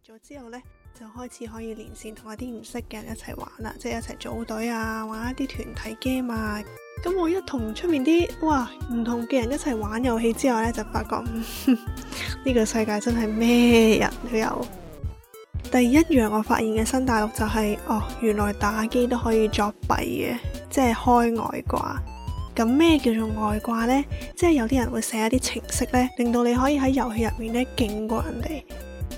咗之後呢，就開始可以連線同一啲唔識嘅人一齊玩啦，即係一齊組隊啊，玩一啲團體 game 啊。咁我一同出面啲，哇，唔同嘅人一齊玩遊戲之後呢，就發覺呢、嗯，這個世界真係咩人都有。第一樣我發現嘅新大陸就係、是，哦，原來打機都可以作弊嘅，即係開外掛。咁咩叫做外掛呢？即係有啲人會寫一啲程式呢，令到你可以喺遊戲入面呢，勁過人哋。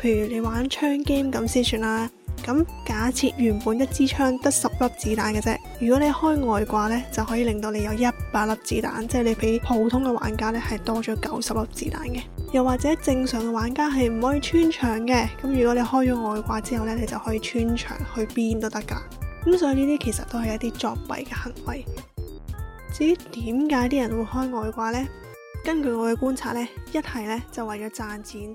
譬如你玩槍 game 咁先算啦，咁假設原本一支槍得十粒子彈嘅啫，如果你開外掛呢，就可以令到你有一百粒子彈，即係你比普通嘅玩家呢係多咗九十粒子彈嘅。又或者正常嘅玩家係唔可以穿牆嘅，咁如果你開咗外掛之後呢，你就可以穿牆去邊都得㗎。咁所以呢啲其實都係一啲作弊嘅行為。至於點解啲人會開外掛呢？根據我嘅觀察呢，一係呢就為咗賺錢。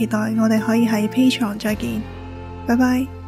期待我哋可以喺 Patreon 再見，拜拜。